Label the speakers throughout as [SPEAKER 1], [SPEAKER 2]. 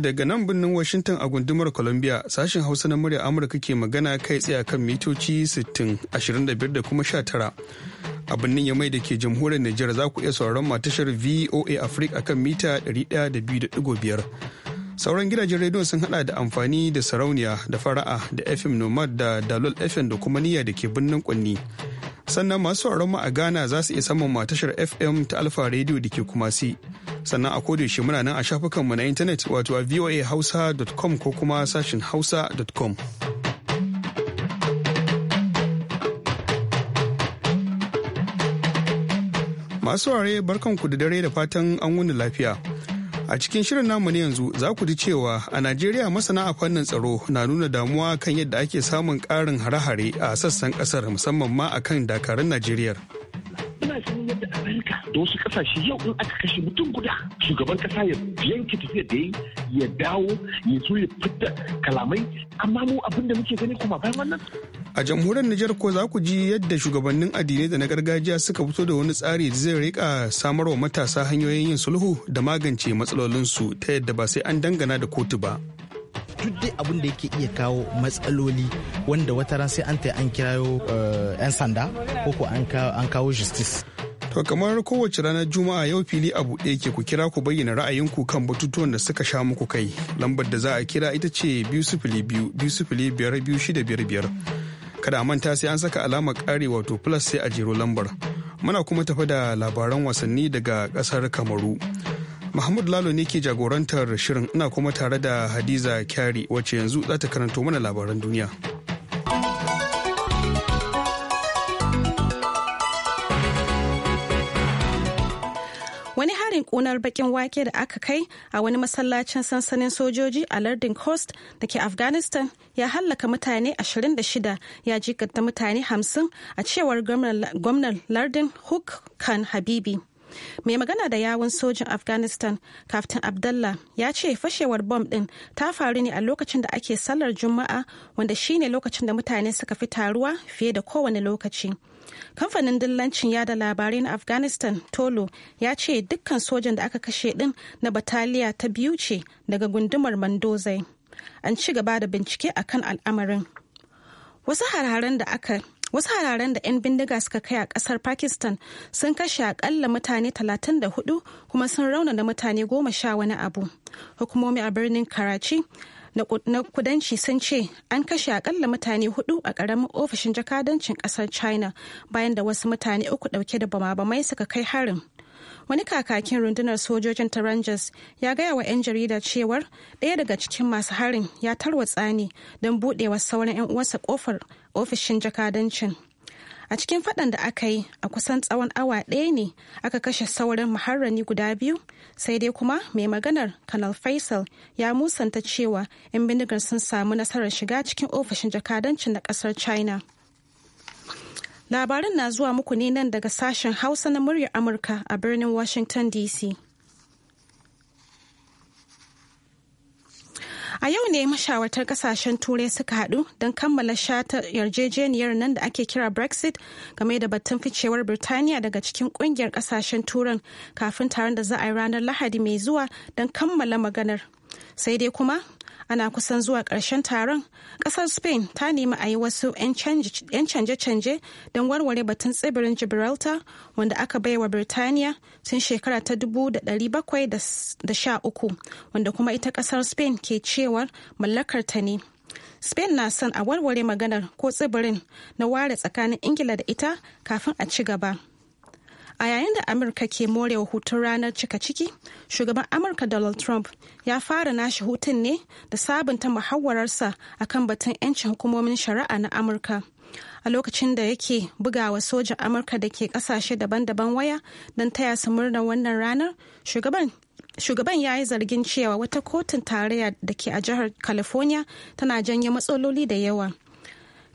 [SPEAKER 1] Daga nan birnin Washington a gundumar Columbia sashen Hausa na murya Amurka ke magana kai tsaye kan mitoci 60, 25 da kuma 19. A birnin Yamai da ke jamhuriyar Nijar za ku iya sauraron matashar VOA Africa kan mita 102.5. sauran gidajen rediyo sun hada da amfani da sarauniya da fara'a da fm nomad da dalol fm da kuma niyya da ke birnin kunni sannan masu sauraron mu a ghana za su iya samun matashar fm ta alfa rediyo da ke kumasi sannan a koda yaushe muna nan a mu na intanet wato a voahausa.com ko kuma sashin hausa.com masu ware barkanku da dare da fatan an wuni lafiya A cikin shirin namu ne yanzu za ku ji cewa a Najeriya masana a fannin tsaro na nuna damuwa kan yadda ake samun ƙarin hare-hare a sassan ƙasar musamman ma a kan dakarun Najeriya.
[SPEAKER 2] don wasu kasashe yau in aka kashe mutum guda shugaban kasa ya
[SPEAKER 1] yanke tafiya da yi ya dawo ya zo ya fitar kalamai amma mu abin da muke gani kuma bayan wannan a jamhuriyar Nijar ko za ku ji yadda shugabannin addinai da na gargajiya suka fito da wani tsari da zai rika samarwa matasa hanyoyin yin sulhu da magance matsalolinsu ta yadda ba sai an dangana da kotu ba
[SPEAKER 3] duk dai abin da yake iya kawo matsaloli wanda wata ran sai an ta an kirayo eh, 'yan sanda ko ko an kawo
[SPEAKER 1] justice To kamar kowace ranar Juma'a yau fili a buɗe ke ku kira ku bayyana ra'ayinku kan batutuwan da suka sha muku kai. Lambar da za a kira ita ce biyu sifili biyu biyu sifili biyar biyu shida biyar biyar. Kada a manta sai an saka alamar ƙare wato plus sai a jero lambar. Muna kuma tafi da labaran wasanni daga ƙasar Kamaru. Mahmud Lalo ne ke jagorantar shirin ina kuma tare da Hadiza Kyari wacce yanzu za ta karanto mana labaran duniya.
[SPEAKER 4] ƙunar bakin wake da aka kai a wani masallacin sansanin sojoji a lardin coast da ke afghanistan ya hallaka mutane 26 ya jikata mutane 50 a cewar gwamnan lardin huk khan habibi mai magana da yawun sojin afghanistan kaftin abdullah ya ce fashewar bom din ta faru ne a lokacin da ake sallar juma'a wanda shine lokacin da mutane suka fi taruwa fiye da kowane lokaci kamfanin dillancin yada labarai na afghanistan tolo ya ce dukkan sojan da aka kashe din na bataliya ta biyu ce daga gundumar mandozai an ci gaba da bincike a kan al'amarin wasu hararen da 'yan bindiga suka kai a kasar pakistan sun kashe akalla mutane 34 kuma sun rauna raunana mutane goma sha wani abu hukumomi a birnin karachi na kudanci sun ce an kashe akalla mutane hudu a karamin ofishin jakadancin kasar china bayan da wasu mutane uku dauke da bama-bamai suka kai harin wani kakakin rundunar sojojin ta rangers ya gaya wa 'yan jarida cewar ɗaya daga cikin masu harin ya tarwatsa ne don buɗewa sauran 'yan uwansa kofar ofishin jakadancin a cikin faɗan da aka yi a kusan tsawon awa ɗaya ne aka kashe saurin muharrani guda biyu sai dai kuma mai maganar kanal faisal ya musanta cewa 'yan bindigar sun samu nasarar shiga cikin ofishin jakadancin na ƙasar china Labarin na zuwa muku ne nan daga sashen hausa na muryar amurka a birnin washington dc A yau ne mashawartar kasashen turai suka haɗu don kammala shata yarjejeniyar nan da ake kira Brexit game da batun ficewar Birtaniya daga cikin ƙungiyar kasashen turan kafin taron da za a yi ranar Lahadi mai zuwa don kammala maganar. Sai dai kuma ana kusan zuwa ƙarshen taron ƙasar spain ta nemi a yi wasu 'yan canje-canje don warware batun tsibirin gibraltar wanda aka baiwa birtaniya tun shekara ta 1713 wanda kuma ita ƙasar spain ke cewar ta ne spain na son a warware maganar ko tsibirin na ware tsakanin ingila da ita kafin a ci gaba a yayin da amurka ke morewa hutun ranar cika ciki shugaban amurka donald trump ya fara nashi hutun ne da sabunta muhawararsa a kan batun 'yancin hukumomin shari'a na amurka a lokacin da yake bugawa sojan amurka da ke kasashe daban-daban waya don taya su murnar wannan ranar shugaban shugaban ya yi zargin cewa wata kotun tarayya da ke a jihar california tana janyo matsaloli da yawa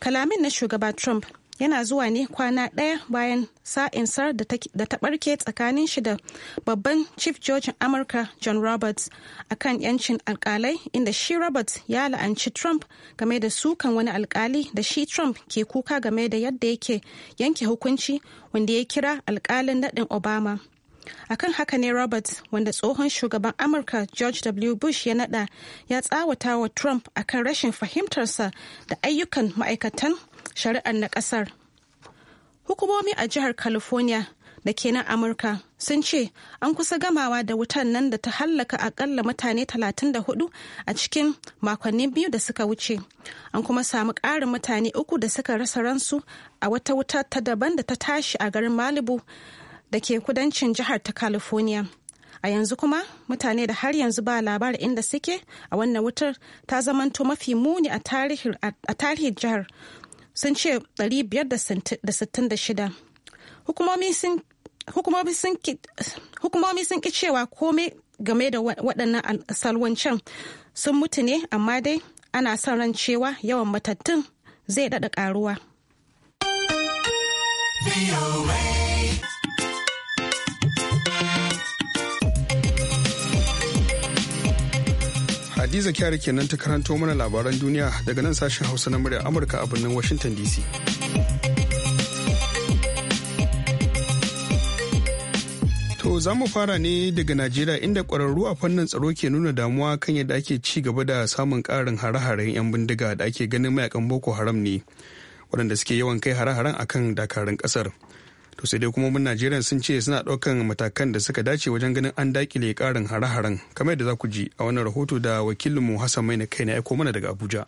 [SPEAKER 4] kalamin na shugaba trump yana zuwa ne kwana ɗaya bayan sa'insar da ta ɓarke tsakanin shi da babban chief george amurka john roberts akan yancin alkalai inda shi roberts ya la'anci trump game da sukan wani alkali da shi trump ke kuka game da yadda yake yanke hukunci wanda ya kira alkalin daɗin obama akan haka ne roberts wanda tsohon shugaban amurka george w bush ya nada ya tsawata wa trump akan rashin fahimtarsa da ayyukan ma'aikatan shari'ar na ƙasar. Hukumomi a jihar California da ke nan Amurka sun ce an kusa gamawa da wutan nan da ta hallaka akalla mutane 34 a cikin makonni biyu da suka wuce. An kuma samu ƙarin mutane uku da suka rasa ransu a wata wuta ta daban da ta tashi a garin Malibu da ke kudancin jihar ta California. A yanzu kuma mutane da har yanzu ba labarin inda suke a wannan wutar ta zamanto mafi muni a tarihin jihar sun ce 566 hukumomi sun ki cewa komai game da waɗannan salwancan sun mutu ne amma dai ana son ran cewa yawan matattun zai daɗa ƙaruwa.
[SPEAKER 1] Hadiza Kyari kenan ta karanto mana labaran duniya daga nan sashen Hausa na muryar Amurka a birnin Washington DC. To za mu fara ne daga Najeriya inda ƙwararru a fannin tsaro ke nuna damuwa kan yadda ake ci gaba da samun karin hare-haren 'yan bindiga da ake ganin mayakan Boko Haram ne waɗanda suke yawan kai hare-haren akan dakarun ƙasar. kasar. to sai dai mun najeriya sun ce suna ɗaukan matakan da suka dace wajen ganin an dakile ƙarin hare-haren kamar yadda za ku ji a wannan rahoto da wakilinmu hassan maina kai na aiko mana daga abuja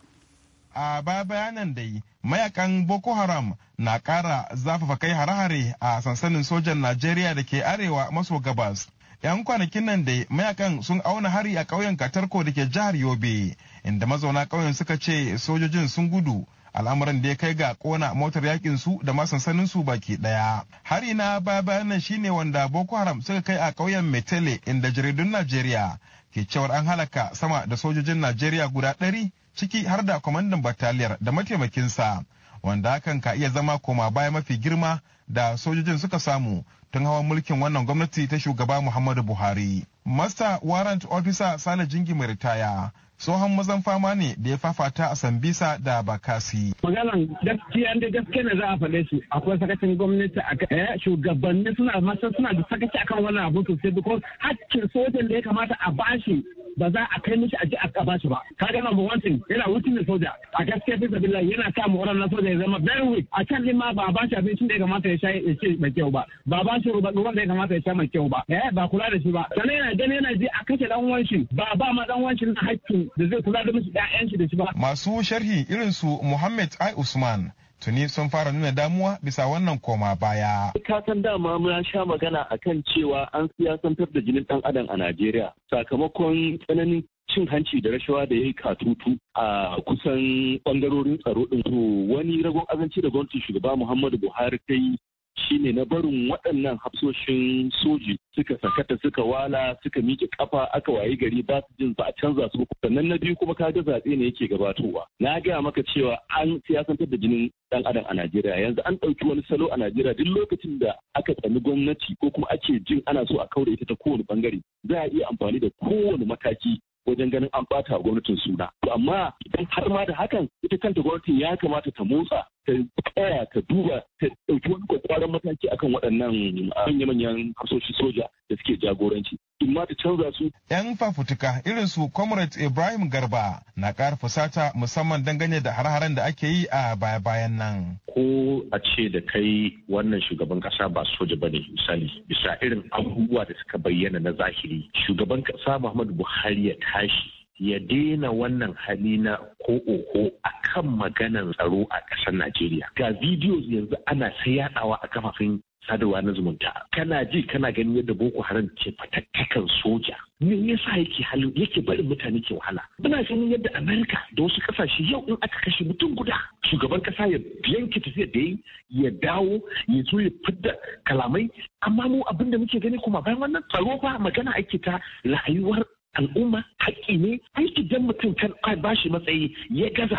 [SPEAKER 5] a baya bayanan dai mayakan boko haram na kara zafafa kai hare-hare a sansanin sojan najeriya da ke arewa maso gabas 'yan kwanakin nan dai mayakan sun auna hari a ƙauyen katarko da ke jihar yobe inda mazauna ƙauyen suka ce sojojin sun gudu al'amuran da ya kai ga kona motar yakin su da ma sansanin su baki daya hari na baya bayan shine wanda boko haram suka kai a ƙauyen metele inda jaridun najeriya ke cewar an halaka sama da sojojin najeriya guda ɗari ciki har da kwamandan bataliyar da mataimakinsa wanda hakan ka iya zama koma baya mafi girma da sojojin suka samu tun hawan mulkin wannan gwamnati ta shugaba muhammadu buhari master warrant officer sale jingi mai ritaya tsohon mazan fama ne da ya fafata a sambisa da bakasi. maganan
[SPEAKER 2] gaskiya da gaske ne za a faɗe su akwai sakacin gwamnati a eh, shugabanni suna masu suna da sakaci akan wannan abu sosai because hakkin sojan da ya kamata a bashi ba za a kai mishi a ji a ba shi ba kaga number one thing yana wucin da soja a gaskiya fi sabila yana sa mu na soja ya zama very weak a can ma ba ba shi abincin da ya kamata ya sha ya ce mai kyau ba ba ba shi ruwan da ya kamata ya sha mai kyau ba eh ba kula da shi ba sannan yana gani yana ji a kashe dan shi.
[SPEAKER 5] ba ba ma dan shi na hakkin da zai kula da mishi ɗaya shi da shi ba masu sharhi irin su Muhammad Ai Usman tuni sun fara nuna damuwa bisa wannan koma baya. Ka san dama
[SPEAKER 2] mun sha magana a kan cewa an siyasantar da jinin ɗan adam a Najeriya sakamakon tsananin cin hanci da rashawa da ya yi katutu a kusan ɓangarorin tsaro ɗin wani ragon azanci da gwamnatin shugaba Muhammadu Buhari ta yi shine na barin waɗannan hafsoshin soji suka sakata suka wala suka miƙe kafa aka waye gari ba su jin ba a canza su sannan na biyu kuma ka ga zaɓe ne yake gabatowa na gaya maka cewa an siyasantar da jinin dan adam a Najeriya yanzu an ɗauki wani salo a Najeriya duk lokacin da aka tsani gwamnati ko kuma ake jin ana so a kaure ita ta kowane bangare za a iya amfani da kowane mataki wajen ganin an bata gwamnatin suna. To amma idan har ma da hakan ita kanta gwamnatin ya kamata ta motsa ta tsaya ta duba ta ɗauki wani kwakwaran mataki akan waɗannan ah, manya-manyan kasoshi soja da suke jagoranci. In ma ta canza su.
[SPEAKER 5] 'Yan fafutuka irin su Comrade Ibrahim Garba na ƙara fusata musamman dangane da har-haren da ake yi a baya-bayan nan.
[SPEAKER 2] Ko a ce da kai wannan shugaban ƙasa ba soja ba ne misali bisa irin abubuwa da suka bayyana na zahiri. Shugaban ƙasa Muhammadu Buhari ya tashi ya daina wannan hali na ko oho a kan maganan tsaro a ƙasar Najeriya. Ga bidiyo yanzu ana sai yaɗawa a kafafen sadarwa na zumunta kana ji kana ganin yadda boko haram ke fatattakan soja me yasa yake halin yake barin mutane ke wahala muna ganin yadda amerika da wasu kasashe yau in aka kashe mutum guda shugaban kasa ya yanke tafiya da ya dawo ya zo ya fidda kalamai amma mu abinda muke gani kuma bayan wannan tsaro ba magana ake ta rayuwar al'umma haƙƙi ne aiki idan mutum kan ba shi matsayi ya gaza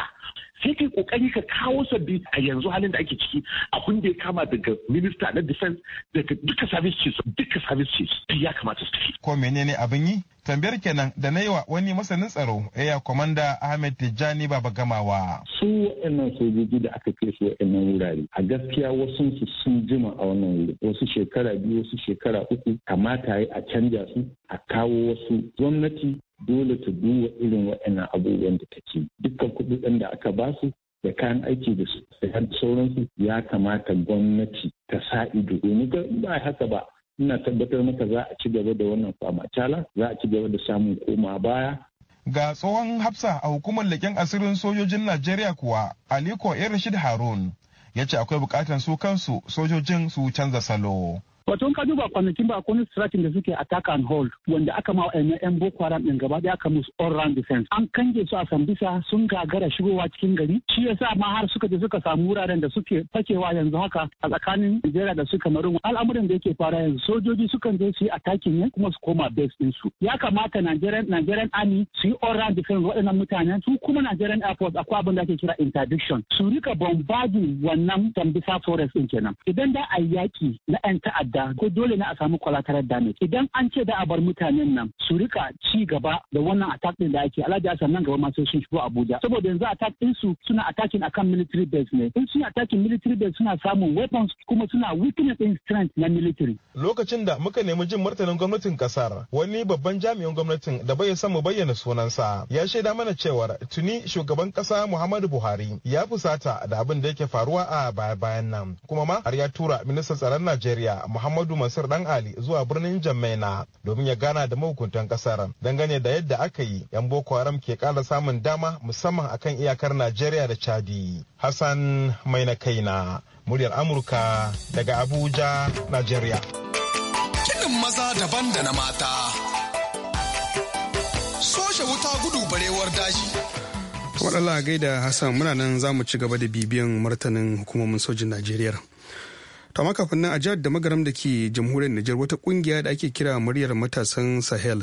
[SPEAKER 2] sai kai kokari ka kawo sabbi a yanzu halin da ake ciki abin da ya kama daga minista na defense daga
[SPEAKER 5] duka service chiefs duka service chiefs ya kamata su tafi ko menene abin yi tambayar kenan da na yi wa wani masanin tsaro ya komanda ahmed tijjani baba gamawa su wa'annan
[SPEAKER 2] sojoji da aka kai su waɗannan wurare a gaskiya wasu su sun jima a wannan wuri wasu shekara biyu wasu shekara uku kamata yi a canja su a kawo wasu gwamnati dole ta duba irin waɗannan abubuwan da take dukkan kuɗin da aka ba su da kayan aiki da sauransu ya kamata gwamnati ta sa ido domin ba haka ba ina tabbatar maka za a ci gaba da wannan famacala za a ci gaba da samun koma
[SPEAKER 5] baya ga tsohon hafsa a hukumar leƙen asirin sojojin najeriya kuwa aliko rashid harun ya ce akwai bukatar su kansu sojojin su canza salo
[SPEAKER 2] wato ka duba kwanakin ba akwai striking da suke attack and hold wanda aka ma wa yan boko haram din gaba daya aka musu all round defense an kange su a sambisa sun gagara shigowa cikin gari shi yasa ma har suka je suka samu wuraren da suke fakewa yanzu haka a tsakanin Nigeria da su Cameroon al'amuran da yake fara yanzu sojoji sukan je su yi attacking ne kuma su koma base din su ya kamata Nigerian Nigerian Army su yi all round defense waɗannan mutanen su kuma Nigerian Air Force akwai abin da ake kira interdiction su rika bombarding wannan sambisa forest din kenan idan da a yaki na 'yan ta'adda da ko dole ne a samu collateral damage idan an ce da a bar mutanen nan su rika ci gaba da wannan attack din da ake alhaji Hassan nan gaba ma sai sun shigo Abuja saboda yanzu attack din su suna attacking akan military base ne in suna attacking military base suna samun weapons kuma suna weakness in strength na
[SPEAKER 1] military
[SPEAKER 5] lokacin da muka nemi jin martanin gwamnatin kasar wani babban jami'in gwamnatin da bai san mu bayyana sunansa ya shaida mana cewar tuni shugaban kasa Muhammadu Buhari ya fusata da abin da yake faruwa a baya-bayan nan kuma ma har ya tura ministan tsaron Najeriya Muhammadu Mansur Dan Ali zuwa birnin Jammaina domin ya gana da mahukuntan kasar dangane da yadda aka yi 'yan Boko Haram ke kara samun dama musamman akan iyakar Najeriya da Chadi. Hassan Mai na kaina muryar Amurka daga Abuja, Najeriya.
[SPEAKER 1] Kiɗin maza daban da na mata. Soshe wuta gudu barewar daji. Wadala gaida hassan muna nan za mu ci gaba da bibiyan martanin hukumomin sojin najeriya kama kafin nan a jihar da magaram da ke jamhuriyar Nijar wata kungiya da ake kira muryar matasan Sahel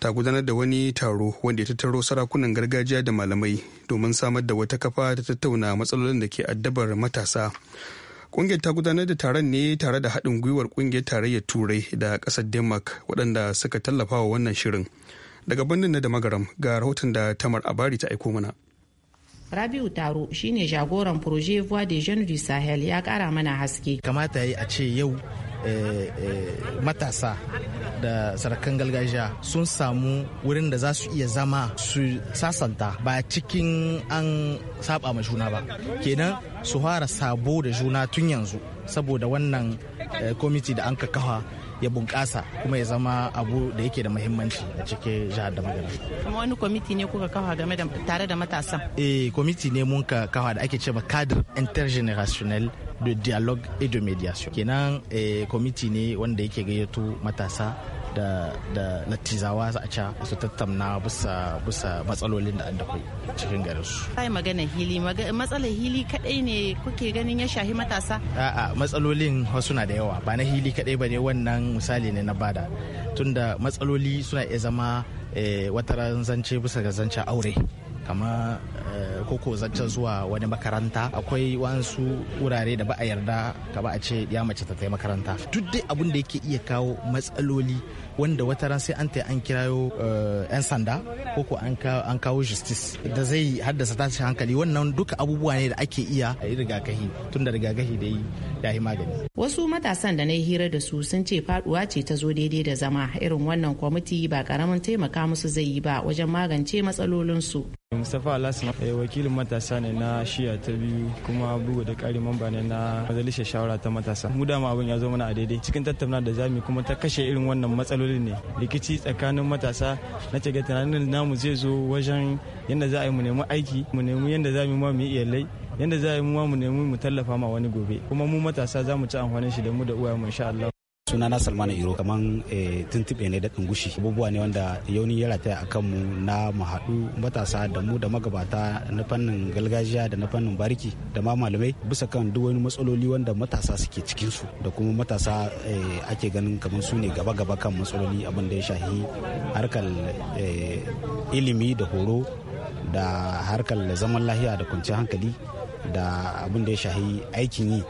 [SPEAKER 1] ta gudanar da wani taro wanda ya tattaro sarakunan gargajiya da malamai domin samar da wata kafa ta tattauna matsalolin da ke addabar matasa. Kungiyar ta gudanar da taron ne tare da haɗin gwiwar kungiyar tarayyar Turai da ƙasar Denmark waɗanda suka tallafa wa wannan shirin. Daga birnin na da magaram ga rahoton da Tamar Abari ta aiko mana.
[SPEAKER 6] Rabiu Taro shine jagoran Projet Voix des Jeunes du Sahel ya kara mana haske. Kamata yi a ce yau
[SPEAKER 3] eh, eh, matasa da sarakan gargajiya sun samu wurin da za su iya zama su sasanta ba cikin an saba ma juna ba kenan su fara sabo da juna tun yanzu saboda wannan eh, komiti da an kakawa. ya bunƙasa kuma ya zama abu da yake da muhimmanci a cikin jihar da magana
[SPEAKER 6] kuma wani kwamiti ne kuka kawa game da tare da matasan
[SPEAKER 3] eh kwamiti ne mun ka kawa da ake cewa cadre intergenerational de dialogue et de médiation kenan eh, kwamiti ne wanda yake gayyato matasa da lattizawa za a ca su tattauna bisa bisa matsalolin da an da cikin garin su.
[SPEAKER 6] Kai magana hili matsalar hili kadai ne kuke ganin ya shahi matasa?
[SPEAKER 3] A'a matsalolin wasu na da yawa ba na hili kadai ba ne wannan misali ne na bada tunda matsaloli suna iya zama eh, wata zance bisa ga zancen aure. kama koko eh, zancen zuwa wani makaranta akwai wasu wurare da ba a yarda ka ba a ce ya mace ta makaranta duk dai abun da yake iya kawo matsaloli wanda wata ran sai an ta an kirayo eh, 'yan sanda ko an kawo justice da zai haddasa tashin hankali wannan duka abubuwa ne da ake iya a yi rigakahi tun da rigakahi da ya yi magani.
[SPEAKER 6] Wasu matasan da na yi hira da su sun ce faduwa ce ta zo daidai da zama irin wannan kwamiti ba karamin taimaka musu zai yi ba wajen magance matsalolinsu.
[SPEAKER 3] Mustapha Alasma Eh, wakilin matasa ne na shiya ta biyu kuma bugu da ƙari mamba ne na majalisar shawara ta matasa mu dama abin ya zo mana a daidai cikin tattauna da zami kuma ta kashe irin wannan matsalolin ne rikici tsakanin matasa na ce ga tunanin namu zai zo wajen yadda za a yi mu nemi aiki mu nemi yadda za mu yi iyalai yadda za a yi mu nemi mu tallafa ma wani gobe kuma mu matasa za mu ci amfanin shi da mu da uwa mu insha Allah suna na salman iro kaman eh, tuntube ne da gushi abubuwa ne wanda yauni ya rataya a kanmu na mu haɗu matasa da mu da magabata na fannin gargajiya da na fannin bariki da ma malamai bisa kan duk wani matsaloli wanda matasa suke cikin su da kuma matasa eh, ake ganin kamar su ne gaba-gaba kan matsaloli abin da ya shahi harkar eh, ilimi da horo da harkar zaman lahiya da kwanciyar hankali da abin da ya shahi aikin yi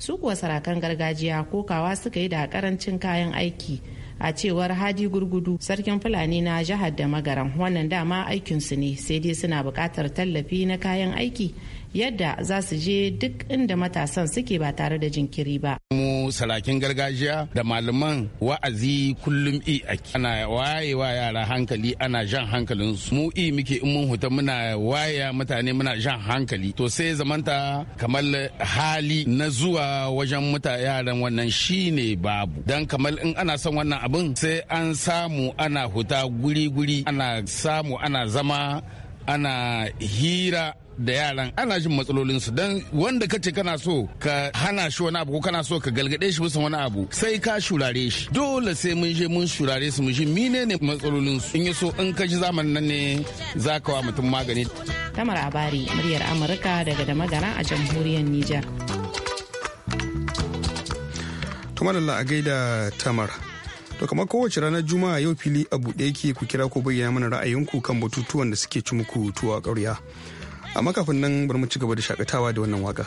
[SPEAKER 6] su kuwa sarakan gargajiya kokawa suka yi da karancin kayan aiki a cewar hadi gurgudu sarkin fulani na jihar da magaran wannan dama aikinsu ne sai dai suna buƙatar tallafi na kayan aiki yadda za su je duk inda matasan suke ba tare da jinkiri ba.
[SPEAKER 3] Mu sarakin gargajiya da malaman wa'azi kullum i ana wayewa yara hankali ana jan hankalin su mu i muke in mun huta muna waya mutane muna jan hankali to sai zamanta kamar hali na zuwa wajen muta yaran wannan shine babu dan kamar in ana son wannan abin sai an samu ana huta guri-guri ana samu ana zama ana hira da yaran ana jin matsalolinsu dan wanda kace kana so ka hana shi wani abu ko kana so ka galgade shi bisa wani abu sai ka shurare shi dole sai mun je mun shurare su mu ji mine ne matsalolinsu in yi so in ka ji zamanin nan ne za ka wa mutum magani.
[SPEAKER 6] Tamar Abari, muryar Amurka daga da magana a jamhuriyar Nijar.
[SPEAKER 1] Tumar Allah a gaida Tamar. To kamar kowace ranar Juma'a yau fili a buɗe yake ku kira ko bayyana mana ra'ayinku kan batutuwan da suke ci muku tuwa ƙarya. a kafin nan bari mu ci gaba da shakatawa da wannan waka.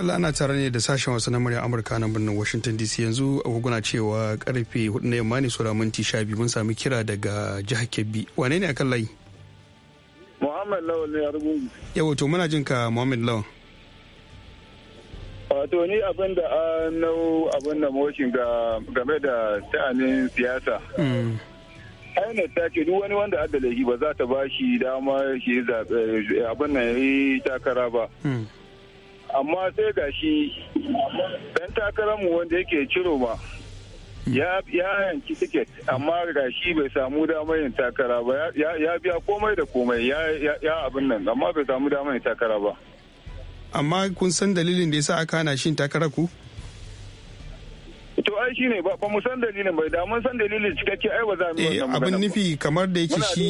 [SPEAKER 1] allah ana tare ne da sashen wasu na murya amurka na birnin washington dc yanzu agogona cewa karfe 4 na yamma ne sura minti sha biyu mun sami kira daga jihar kebbi wane ne akan layi
[SPEAKER 2] muhammad lawal ne argungu
[SPEAKER 1] yawo to muna jin ka muhammad lawal
[SPEAKER 2] wato ah, ni abin da an nau abin da moshin game da ta'anin siyasa hmm. INEC ta ce duk wani wanda adalai ba za ta ba shi dama shi abin nan ya yi takara ba. Hmm. amma sai ga shi dan takararmu wanda yake ciro ba ya yanki tiket amma ga shi bai samu damar yin takara ba ya biya komai da komai ya abin nan amma bai samu damar yin takara ba
[SPEAKER 1] amma kun san dalilin da yasa aka hana shi takara ku
[SPEAKER 2] ai shine ba mu san dalilin ba da mun san dalilin cikakke ai ba za
[SPEAKER 7] mu yi eh, abin nufi
[SPEAKER 1] kamar da yake shi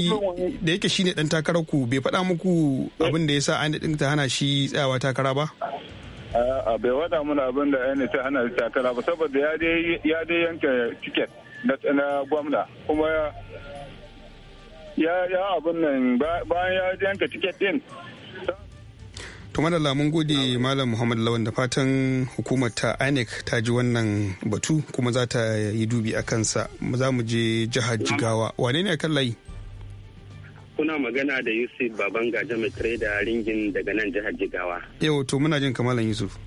[SPEAKER 1] da yake shine dan takarar ku bai faɗa muku abin da yasa an din ta hana shi tsayawa takara ba
[SPEAKER 2] a bai wada mana abin da ainihin ta hana shi takara ba saboda ya dai ya dai yanke tiket na gwamna kuma ya ya abin nan bayan ya yanke tiket
[SPEAKER 1] din kuma da mun gode malam muhammad lawan da fatan hukumar ta inec ta ji wannan batu kuma za ta yi dubi a kansa za mu je jihar jigawa wane ne kan layi
[SPEAKER 7] kuna magana da yusuf baban gaja mai da ringin daga nan jihar jigawa
[SPEAKER 1] yau to muna jin kamalan yusuf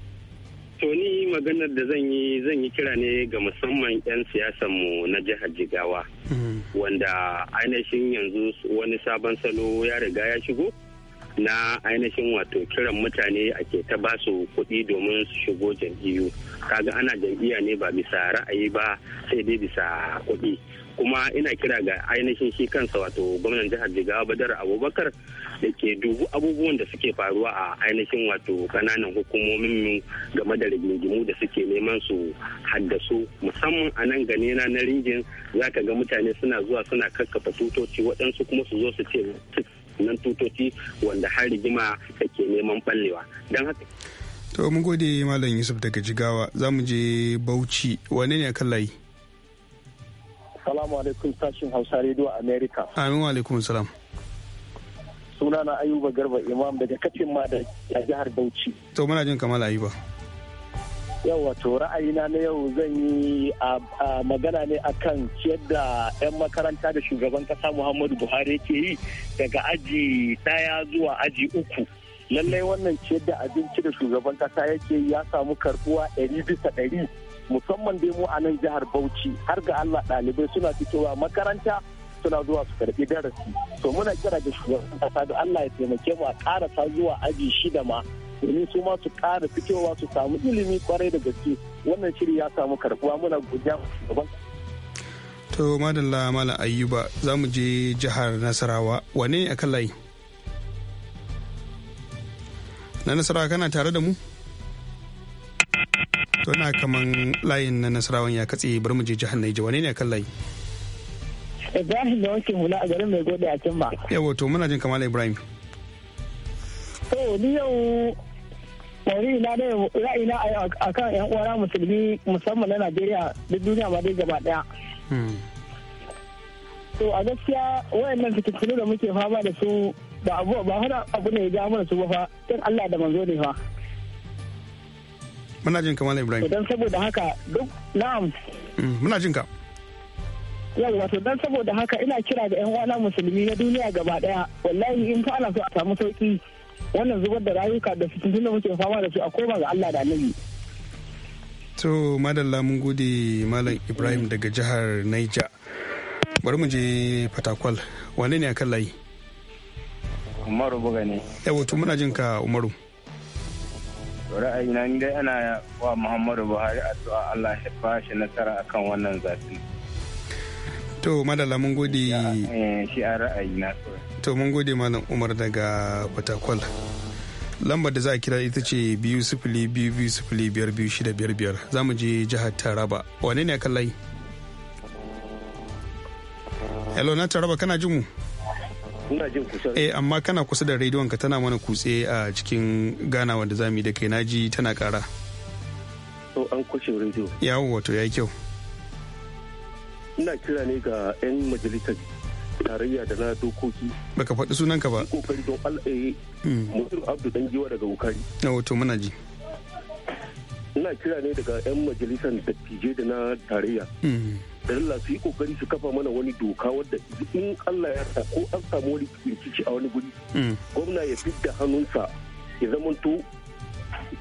[SPEAKER 7] to ni maganar da zan yi zan yi kira ne ga musamman 'yan siyasanmu na jihar jigawa mm-hmm. wanda ainihin yanzu wani sabon salo ya riga ya shigo na ainihin wato kiran mutane ake ke ta ba su kuɗi domin su shigo jam'iyyu kaga ana jam'iyya ne ba bisa ra'ayi ba sai dai bisa kuɗi kuma ina kira ga ainihin shi kansa wato gwamnan jihar jigawa badar abubakar da ke dubu abubuwan da suke faruwa a ainihin wato kananan hukumomin mu game da rigingimu da suke neman su haddasu musamman a nan gane na na ringin zaka ga mutane suna zuwa suna kakkafa tutoci waɗansu kuma su zo su ce nan tutoci wanda har rigima ke neman ballewa don haka
[SPEAKER 1] to mun gode malam yusuf daga jigawa za mu je bauchi wane ne akan layi
[SPEAKER 2] salamu alaikum sashin hausa radio america
[SPEAKER 1] amin wa alaikum salam
[SPEAKER 2] sunana ayuba garba imam daga kacin ma da jihar bauchi
[SPEAKER 1] to muna jin kamar ayuba
[SPEAKER 2] Yau wato ra'ayina na yau zan yi magana ne akan yadda 'yan makaranta da shugaban kasa muhammadu buhari yake yi daga aji daya zuwa aji uku lallai wannan ciyar da abinci da shugaban kasa yake yi ya samu karbuwa ɗari bisa ɗari musamman dai mu a nan jihar bauchi har ga allah ɗalibai suna fitowa makaranta suna zuwa su karɓi darasi to muna kira da shugaban kasa da allah ya taimake mu a ƙarasa zuwa aji shida ma domin su ma su ƙara fitowa su samu ilimi kwarai da gaske wannan shiri ya samu karbuwa muna godiya gaban
[SPEAKER 1] to madalla malam ayyuba za mu je jihar nasarawa wane a kan layi na nasarawa kana tare da mu to na kaman layin na nasarawan ya katse bari mu je jihar naija wane ne a kan layi
[SPEAKER 2] ibrahim da wakil mula a garin mai gode a can ba
[SPEAKER 1] yawa to muna jin kamala ibrahim
[SPEAKER 8] to ni yau yanzu ina da ra'ayina a kan yan uwana musulmi musamman na najeriya duk duniya ma dai gaba daya hmm. to a gaskiya wayannan fitintunu da muke fama da su ba abu ba hana
[SPEAKER 2] abu ne ya mana su ba fa dan Allah da manzo ne fa
[SPEAKER 1] muna jin kamar Ibrahim dan saboda haka duk na'am hmm, muna jin ka
[SPEAKER 2] yau wato dan saboda haka ina kira ga yan uwana musulmi na duniya gaba daya wallahi in fa ana so a samu sauki wannan zubar da rayuka da fitintun da muke fama da su a koma ga Allah da Annabi
[SPEAKER 1] to madalla mun gode malam Ibrahim daga jihar Niger bari mu je Fatakwal wane ne akan layi
[SPEAKER 7] Umaru buga ne
[SPEAKER 1] yawa to muna jin ka Umaru
[SPEAKER 7] ra'ayina ni dai ana wa Muhammadu Buhari addu'a Allah ya ba shi nasara akan wannan zafi
[SPEAKER 1] to madalla mun gode eh, shi a ra'ayi na to mun gode malam umar daga fatakwal lambar da za a kira ita ce biyu sifili biyu biyu sifili biyar biyu shida biyar biyar za mu je jihar taraba wane ne kan layi hello na taraba kana jin mu ina jin kusa eh amma kana kusa da rediyon ka tana mana kutse a cikin Gana wanda za mu yi da kai naji tana kara
[SPEAKER 7] to an kushe rediyo
[SPEAKER 1] yawo wato yi kyau
[SPEAKER 7] ina kira ne ga
[SPEAKER 2] 'yan majalisar tarayya da na dokoki.
[SPEAKER 1] Baka faɗi sunanka ba.
[SPEAKER 2] Kokari don al'aye eh, hmm. Mutum Abdu dan giwa daga Wukari.
[SPEAKER 1] Na wato muna ji.
[SPEAKER 2] Ina kira ne daga 'yan majalisar dattijai da na tarayya. Hmm. Da Allah su yi kokari su kafa mana wani doka wadda in Allah ya sa ko an samu wani rikici a wani guri. Hmm. Gwamna ya fidda hannunsa ya zamanto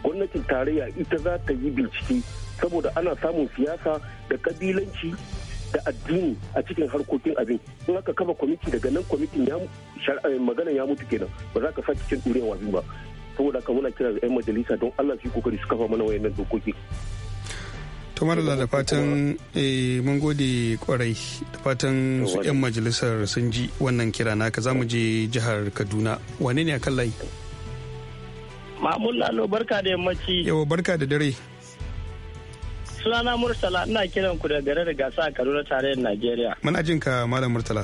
[SPEAKER 2] gwamnatin tarayya ita za ta yi bincike saboda ana samun siyasa da kabilanci da addini a cikin harkokin abin in aka kafa kwamiti daga nan kwamitin ya eh, magana ya mutu kenan ba za ka sake cin ɗurewa wasu ba saboda ka muna kira ga 'yan majalisa don Allah su yi kokari su kafa mana wayannan dokoki
[SPEAKER 1] kamar da fatan eh, mun gode kwarai da fatan su 'yan majalisar sun ji wannan kira naka za mu je jihar kaduna wane ne a kan layi
[SPEAKER 7] mamun lalo barka da yammaci
[SPEAKER 1] yawa barka da dare
[SPEAKER 7] sunana murtala ina kiran ku da garin gasa a kaduna tarayyar najeriya
[SPEAKER 1] muna jin ka malam murtala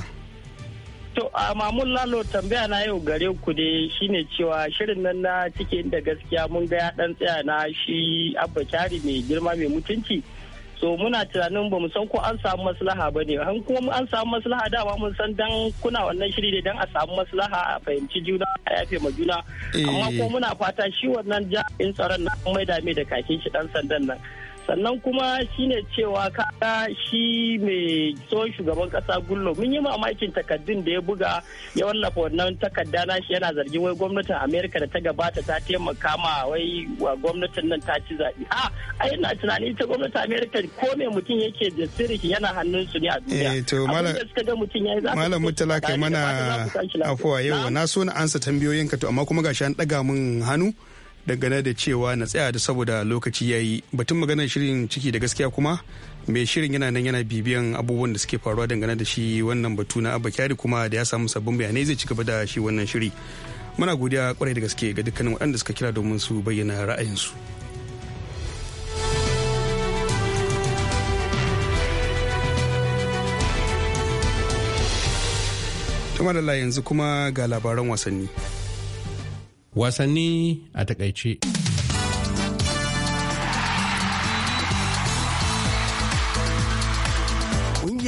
[SPEAKER 7] to a mamun lalo tambaya na yau gare ku dai shine cewa shirin nan na cikin da gaskiya mun ga ya dan tsaya na shi abba kyari mai girma mai mutunci so muna tunanin bamu san ko an samu maslaha ba ne han kuma an samu maslaha dama mun san dan kuna wannan shiri da dan a samu maslaha a fahimci juna a yafe ma juna amma ko eh. muna fata shi wannan jami'in tsaron na mai mai da kakin shi dan sandan nan sannan kuma shine cewa kaga shi mai tsohon shugaban kasa gullo mun yi mamakin takaddun da ya buga ya wallafa wannan takarda na shi yana zargin wai gwamnatin amerika da ta gabata ta taimaka ma wai wa gwamnatin nan ta ci zaɓe a ai ina tunani ta gwamnatin amerika ko me mutum yake da sirri yana hannun su ne a
[SPEAKER 1] duniya eh to malam
[SPEAKER 7] malam mutala kai mana
[SPEAKER 1] afuwa yau na so na ansa tambayoyinka to amma kuma gashi an daga mun hannu dangane da cewa na tsaya da saboda lokaci ya yi batun maganar shirin ciki da gaskiya kuma mai shirin yana nan yana bibiyan abubuwan da suke faruwa dangane da shi wannan batu na abba kyari kuma da ya samu sabbin bayanai zai ci gaba da shi wannan shiri muna godiya kwarai da gaske ga dukkanin waɗanda suka kira domin su bayyana ra'ayinsu. Tuma da yanzu kuma ga labaran wasanni. wasanni a takaice.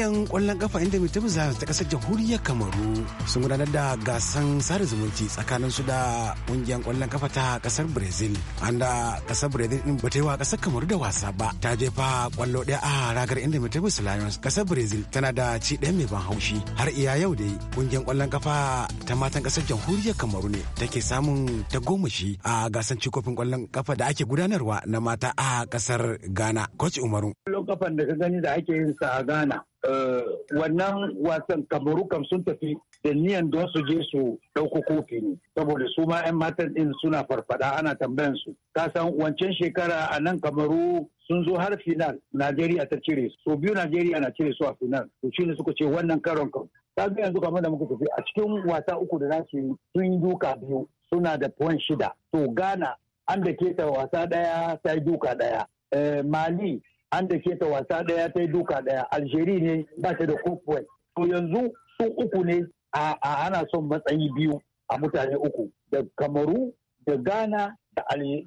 [SPEAKER 1] Ƙungiyar ƙwallon ƙafa inda
[SPEAKER 8] Mitabiza ta ƙasar jamhuriyar Kamaru sun gudanar da gasan sada zumunci tsakanin su da ƙungiyar ƙwallon ƙafa ta ƙasar Brazil. An da ƙasar Brazil ba ta yi wa ƙasar Kamaru da wasa ba ta jefa ƙwallo ɗaya a ragar inda Mitabiza Lions. Ƙasar Brazil tana da ci ɗaya mai ban haushi har iya yau dai ƙungiyar ƙwallon ƙafa ta matan ƙasar jamhuriyar Kamaru ne take samun ta shi a gasan cikofin ƙwallon ƙafa da ake gudanarwa na mata a ƙasar Ghana. Coach Umaru. Ƙwallon ƙafan da ka gani da ake yin sa a Ghana Eh, wannan wasan kamaru kam sun tafi da niyan don su je su ɗauko kofi ne saboda su ma 'yan matan ɗin suna farfada ana tambayan su ka san wancan shekara a nan kamaru sun zo har final najeriya ta cire su so biyu najeriya na cire su a final to ne suka ce wannan karon kam ta yanzu kamar da muka tafi a cikin wasa uku da nasu sun yi duka biyu suna da point shida to ghana an da ta wasa ɗaya, ta duka ɗaya. Eh, mali an da ta wasa daya ta yi duka daya algeria ne ba ta da kofuwai to yanzu su uku ne a ana son matsayi biyu a mutane uku da kamaru da ghana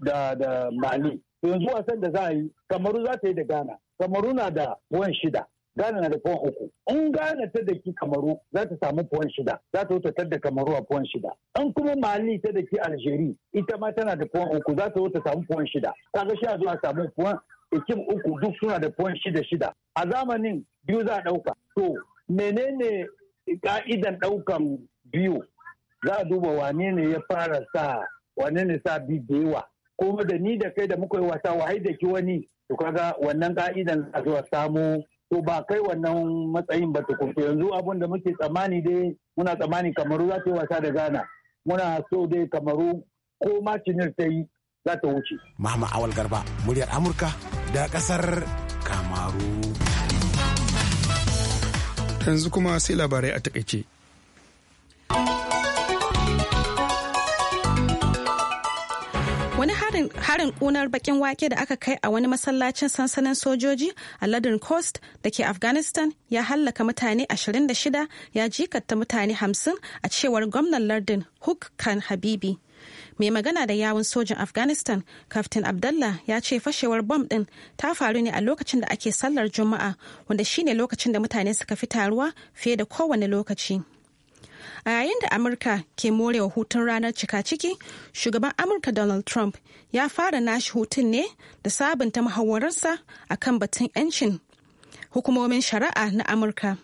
[SPEAKER 8] da mali to yanzu wasan da za a yi kamaru za ta yi da ghana kamaru na da puwan shida Ghana na da puwan uku. In Ghana ta daki Kamaru za ta samu puwan shida, za ta wuce da Kamaru a puwan shida. In kuma Mali ta daki Algeria ita ma tana da puwan uku za ta wuta samu puwan shida. Kaga sha zuwa samu puwan. ikim uku duk suna da point shida shida a zamanin biyu za a ɗauka to menene ka'idan ɗaukan biyu za a duba wane ne ya fara sa wane ne sa bi da yawa kuma da ni da kai da muka yi wasa wahai da ki wani to kaga wannan ka'idan za zuwa samu to ba kai wannan matsayin ba tukun to yanzu abun da muke tsammani dai muna tsammani kamaru za ta yi wasa da gana, muna so dai kamaru ko ma ta yi za ta wuce.
[SPEAKER 5] Mahama Awal Garba, muryar Amurka
[SPEAKER 1] da kasar
[SPEAKER 7] kamaru
[SPEAKER 1] yanzu kuma sai labarai a takaice
[SPEAKER 4] wani harin kunar bakin wake da aka kai a wani masallacin sansanin sojoji a ladin coast da ke afghanistan ya hallaka mutane 26 ya jikata mutane 50 a cewar gwamnan lardin hook khan habibi mai magana da yawun sojin afghanistan kaftin Abdullah, ya ce fashewar bom din ta faru ne a lokacin da ake sallar juma'a wanda shine lokacin da mutane suka fi taruwa fiye da kowane lokaci a yayin da amurka ke morewa hutun ranar cika ciki shugaban amurka donald trump ya fara nashi hutun ne da sabunta muhawararsa akan batun 'yancin hukumomin shari'a na amurka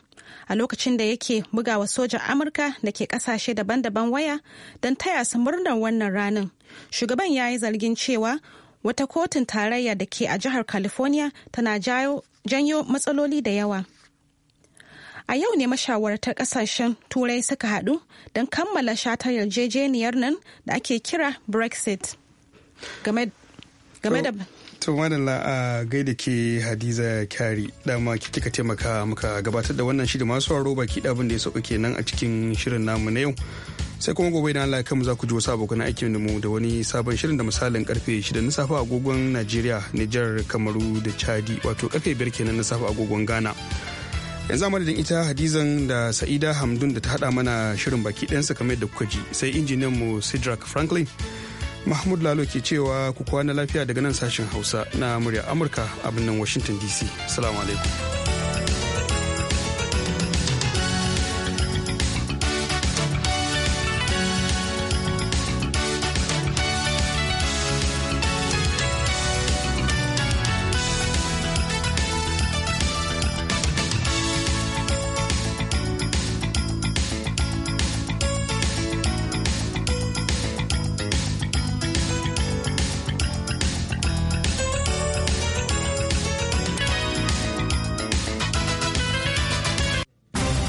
[SPEAKER 4] a lokacin da yake bugawa sojan amurka da ke kasashe daban-daban waya don taya su murnar wannan ranin shugaban ya yi zargin cewa wata kotun tarayya da ke a jihar california tana janyo matsaloli da yawa a yau ne mashawartar kasashen turai suka haɗu don kammala shatar yarjejeniyar nan da ake kira brexit game da
[SPEAKER 1] to madalla a gaida ke hadiza kyari dama kika taimaka muka gabatar da wannan shirin masu haro baki abin da ya sauka kenan a cikin shirin namu na yau sai kuma gobe da Allah kanmu za ku ji wasu abokan aikin mu da wani sabon shirin da misalin karfe 6 na safe agogon Najeriya, Nijar, Kamaru da Chadi wato karfe biyar kenan na safe agogon Ghana. Yanzu da ita Hadizan da Sa'ida Hamdun da ta hada mana shirin baki ɗansa kamar da kuka ji sai injiniyan mu Sidrak Franklin. mahmud lalo ke cewa ku kwana lafiya daga nan sashen hausa na murya amurka a birnin washington dc salamu alaikum